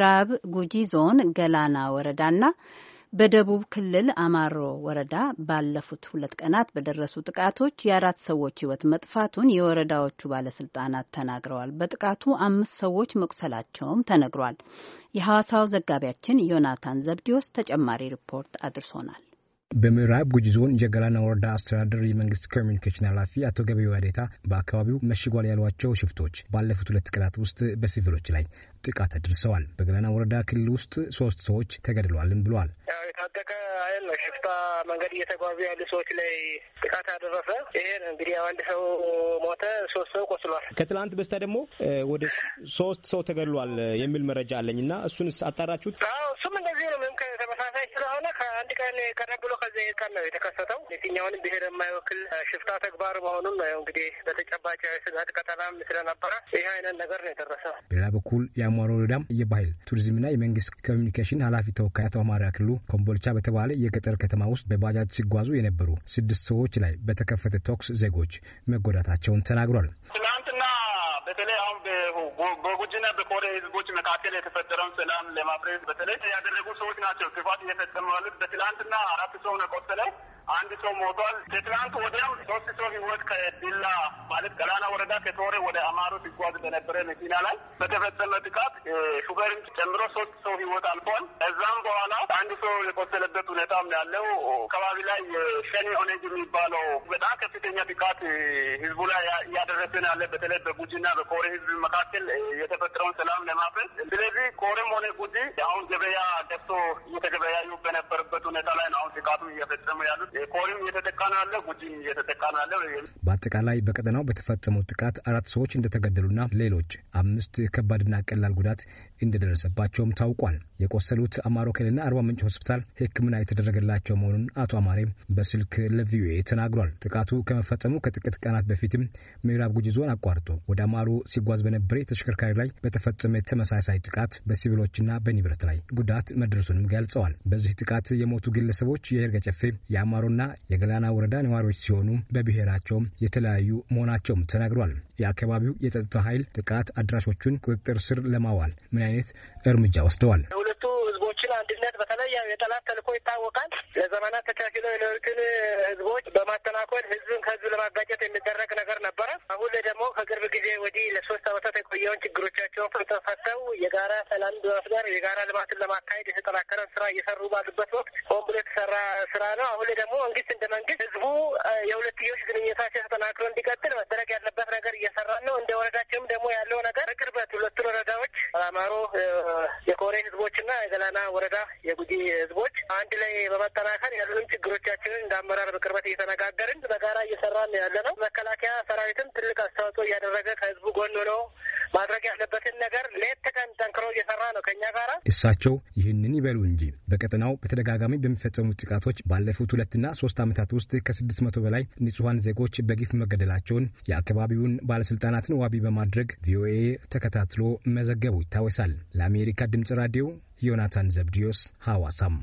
ምዕራብ ጉጂ ዞን ገላና ወረዳና በደቡብ ክልል አማሮ ወረዳ ባለፉት ሁለት ቀናት በደረሱ ጥቃቶች የአራት ሰዎች ሕይወት መጥፋቱን የወረዳዎቹ ባለስልጣናት ተናግረዋል። በጥቃቱ አምስት ሰዎች መቁሰላቸውም ተነግሯል። የሐዋሳው ዘጋቢያችን ዮናታን ዘብዲዎስ ተጨማሪ ሪፖርት አድርሶናል። በምዕራብ ጉጂ ዞን ጀገላና ወረዳ አስተዳደር የመንግስት ኮሚኒኬሽን ኃላፊ አቶ ገበዩ አዴታ በአካባቢው መሽጓል ያሏቸው ሽፍቶች ባለፉት ሁለት ቀናት ውስጥ በሲቪሎች ላይ ጥቃት አድርሰዋል፣ በገላና ወረዳ ክልል ውስጥ ሶስት ሰዎች ተገድለዋልም ብለዋል። የታጠቀ ኃይል ነው ሽፍታ መንገድ እየተጓዙ ያሉ ሰዎች ላይ ጥቃት ያደረሰ። ይሄ እንግዲህ አንድ ሰው ሞተ፣ ሶስት ሰው ቆስሏል። ከትላንት በስቲያ ደግሞ ወደ ሶስት ሰው ተገድሏል የሚል መረጃ አለኝ እና እሱን አጣራችሁት? አዎ ቀን ቀደም ብሎ ከዚያ ነው የተከሰተው። የትኛውንም ብሔር የማይወክል ሽፍታ ተግባር መሆኑን ነው እንግዲህ በተጨባጭ ስጋት ቀጠናም ስለነበረ ይህ አይነት ነገር ነው የደረሰው። በሌላ በኩል የአማሮ ወረዳም የባህል ቱሪዝምና የመንግስት ኮሚኒኬሽን ኃላፊ ተወካይ አቶ አማራ ክልሉ ኮምቦልቻ በተባለ የገጠር ከተማ ውስጥ በባጃጅ ሲጓዙ የነበሩ ስድስት ሰዎች ላይ በተከፈተ ተኩስ ዜጎች መጎዳታቸውን ተናግሯል። ያደረጉ በጉጂና በኮሬ ህዝቦች መካከል የተፈጠረውን ሰላም ለማፍረስ በተለይ ያደረጉ ሰዎች ናቸው ክፋት እየፈጸሙ ያሉት። በትላንትና አራት ሰው ነው የቆሰለው፣ አንድ ሰው ሞቷል። ከትላንት ወዲያም ሶስት ሰው ህይወት ከዲላ ማለት ገላና ወረዳ ከቶሬ ወደ አማሮ ሲጓዝ በነበረ መኪና ላይ በተፈጸመ ጥቃት ሹፌርን ጨምሮ ሶስት ሰው ህይወት አልፏል። ከዛም በኋላ አንድ ሰው የቆሰለበት ሁኔታም ያለው አካባቢ ላይ የሸኔ ኦነግ የሚባለው በጣም ጥቃት ህዝቡ ላይ እያደረሰን ያለ በተለይ በጉጂና በኮሬ ህዝብ መካከል የተፈጠረውን ሰላም ለማፈን ስለዚህ ኮሬም ሆነ ጉጂ አሁን ገበያ ገብቶ እየተገበያዩ በነበረበት ሁኔታ ላይ ነው አሁን ጥቃቱ እየፈጸሙ ያሉት። ኮሬም እየተጠቃ ነው ያለ፣ ጉጂም እየተጠቃ ነው ያለ። በአጠቃላይ በቀጠናው በተፈጸመው ጥቃት አራት ሰዎች እንደተገደሉና ሌሎች አምስት ከባድና ቀላል ጉዳት እንደደረሰባቸውም ታውቋል። የቆሰሉት አማሮ ኬልና አርባ ምንጭ ሆስፒታል ሕክምና የተደረገላቸው መሆኑን አቶ አማሬ በስልክ ለቪኦኤ ተናግሯል። ጥቃቱ ከመፈ መፈጸሙ ከጥቂት ቀናት በፊትም ምዕራብ ጉጂ ዞን አቋርጦ ወደ አማሮ ሲጓዝ በነበረ ተሽከርካሪ ላይ በተፈጸመ ተመሳሳይ ጥቃት በሲቪሎችና በንብረት ላይ ጉዳት መድረሱንም ገልጸዋል። በዚህ ጥቃት የሞቱ ግለሰቦች የይርጋ ጨፌ የአማሮና የገላና ወረዳ ነዋሪዎች ሲሆኑ በብሔራቸውም የተለያዩ መሆናቸውም ተናግሯል። የአካባቢው የጸጥታ ኃይል ጥቃት አድራሾቹን ቁጥጥር ስር ለማዋል ምን አይነት እርምጃ ወስደዋል? አንድነት በተለይ የጠላት ተልዕኮ ይታወቃል። ለዘመናት ተቻችለው የኖሩትን ህዝቦች በማተናኮል ህዝብን ከህዝብ ለማጋጨት የሚደረግ ነገር ነበረ። አሁን ላይ ደግሞ ከቅርብ ጊዜ ወዲህ ለሶስት ዓመታት የቆየውን ችግሮቻቸውን ፍጥረት ፈተው የጋራ ሰላም በመፍጠር የጋራ ልማትን ለማካሄድ የተጠናከረ ስራ እየሰሩ ባሉበት ወቅት ሆን ብሎ የተሰራ ስራ ነው። አሁን ላይ ደግሞ መንግስት እንደ መንግስት ህዝቡ የሁለትዮሽ ግንኙነታቸው ተጠናክሮ እንዲቀጥል መደረግ ያለበት ነገር እየሰራ ነው። እንደ ወረዳችንም ደግሞ ያለው ነገር በቅርበት ሁለቱን ወረዳዎች አማሮ የኮሬ ህዝቦችና የገላና ወረዳ የጉጂ ህዝቦች አንድ ላይ በመጠናከር ያሉንም ችግሮቻችንን እንደ አመራር በቅርበት እየተነጋገርን በጋራ እየሰራን ያለ ነው። መከላከያ ሰራዊትም ትልቅ አስተዋጽኦ እያደረገ ከህዝቡ ጎን ሆኖ ማድረግ ያለበትን ነገር ሌት ተቀን ጠንክሮ እየሰራ ነው ከኛ ጋራ። እሳቸው ይህንን ይበሉ እንጂ በቀጠናው በተደጋጋሚ በሚፈጸሙ ጥቃቶች ባለፉት ሁለትና ሶስት ዓመታት ውስጥ ከስድስት መቶ በላይ ንጹሐን ዜጎች በግፍ መገደላቸውን የአካባቢውን ባለስልጣናትን ዋቢ በማድረግ ቪኦኤ ተከታትሎ መዘገቡ ይታወሳል። ለአሜሪካ ድምጽ ራዲዮ ዮናታን ዘብዲዮስ ሐዋሳም